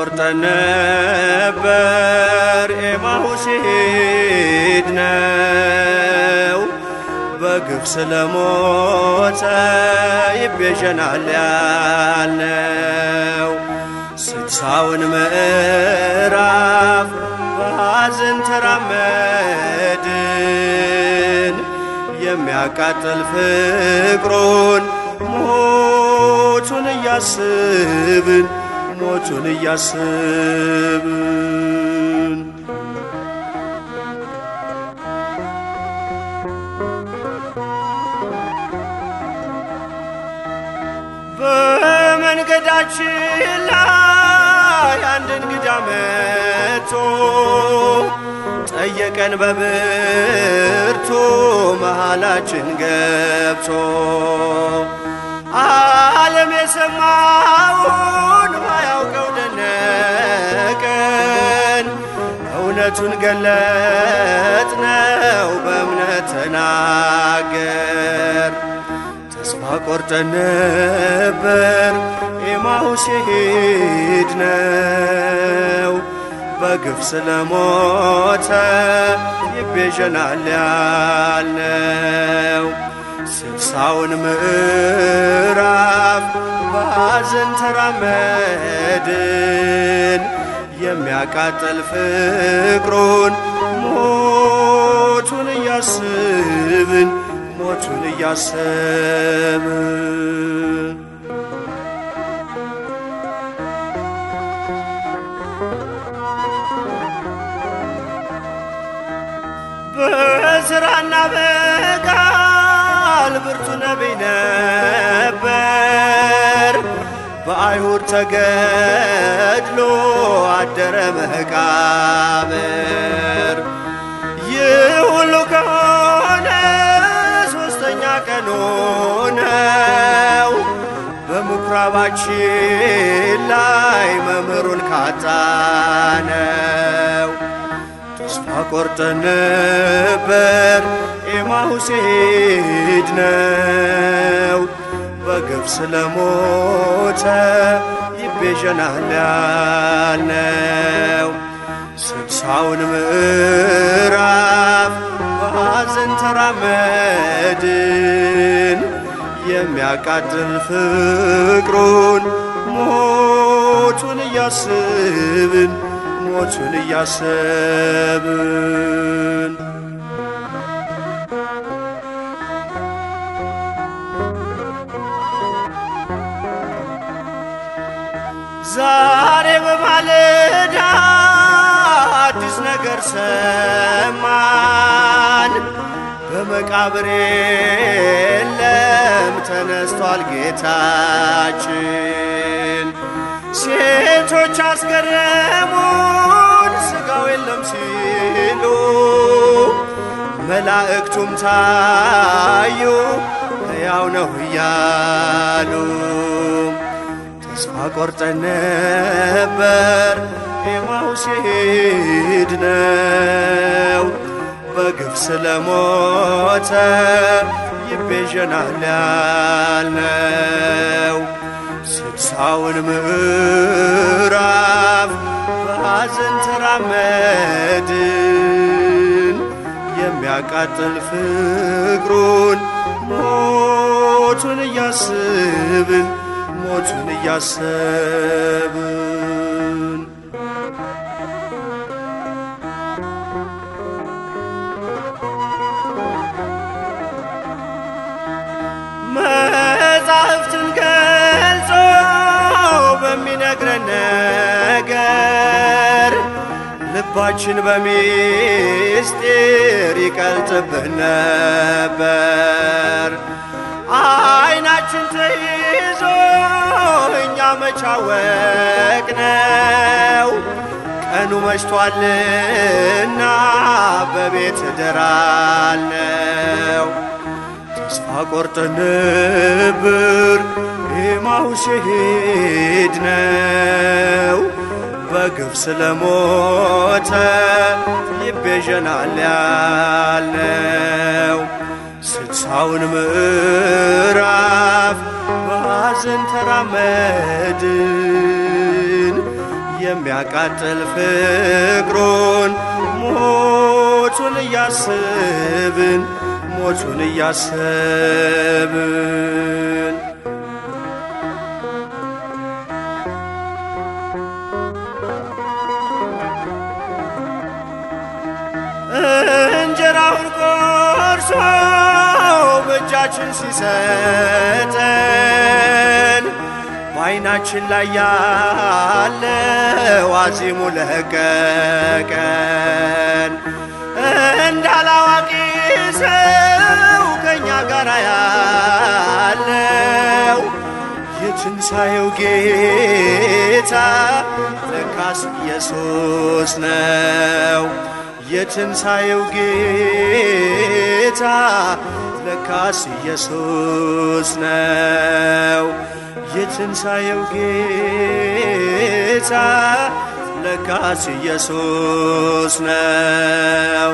ቆርጠን ነበር ኤማሁስ ሄድነው በግፍ ስለሞተ ይቤዠናል ያልነው ስድሳውን ምዕራፍ በሐዘን ተራመድን የሚያቃጥል ፍቅሩን ሞቱን እያስብን ቀኖቹን እያስብን በመንገዳችን ላይ አንድ እንግዳ መጥቶ ጠየቀን በብርቱ መሃላችን ገብቶ ዓለም የሰማ ነው በእምነት ተናገር ተስፋ ቆርጠን ነበር ኤማሁስ ነው በግፍ ስለሞተ ይቤዠናል ያለው! ስልሳውን ምዕራፍ በሐዘን ተራመድን የሚያቃጥል ፍቅሩን ሞቱን እያስብን ሞቱን እያሰብን በስራና በቃል ብርቱ ነቢይ ነበር። በአይሁድ ተገድሎ አደረ መቃብር። ይህ ሁሉ ከሆነ ሶስተኛ ቀን ሆነው በምኩራባችን ላይ መምህሩን ካጣነው ተስፋ ቆርጠን ነበር ኤማሁስ ሄድ ነው በግፍ ስለሞተ ይቤዠናል ያልነው ስልሳውን ምዕራፍ በሐዘን ተራመድን የሚያቃጥል ፍቅሩን ሞቱን እያስብን ሞቱን እያሰብን ዛሬ በማለዳ አዲስ ነገር ሰማን። በመቃብር የለም ተነስቷል ጌታችን። ሴቶች አስገረሙን ስጋው የለም ሲሉ መላእክቱም ታዩ ሕያው ነው እያሉ ሳቋርጠን ነበር ኤማሁስ ነው! በግፍ ስለሞተ ይቤዠናል ያልነው ስድሳውን ምዕራፍ በሐዘን ተራመድን የሚያቃጥል ፍቅሩን ሞቱን እያስብን قطن یسبون መጻሕፍትን ገልጾ በሚነግረን ነገር ልባችን በሚስጢር ይቀልጥብን ነበር አይናችን ተይዞ መቻወቅ ነው! ቀኑ መሽቷልና በቤት እደራለሁ። ተስፋ ቆርጠን ነበር ኤማሁስ ነው! በግፍ ስለሞተ ልቤ ዠናል ያልነው ስልሳውን ምዕራፍ ሐዘን ተራመድን የሚያቃጥል ፍቅሩን ሞቱን እያስብን ሞቱን እያስብን እንጀራውን ቆርሶ በእጃችን ሲሰጠን በዓይናችን ላይ ያለ አዚሙ ለቀቀን። እንዳላዋቂ ሰው ከእኛ ጋር ያለው የትንሣኤው ጌታ ለካስ ኢየሱስ ነው። የትንሣኤው ጌታ ለካስ ኢየሱስ ነው። የትንሣኤው ጌታ ለካስ ኢየሱስ ነው።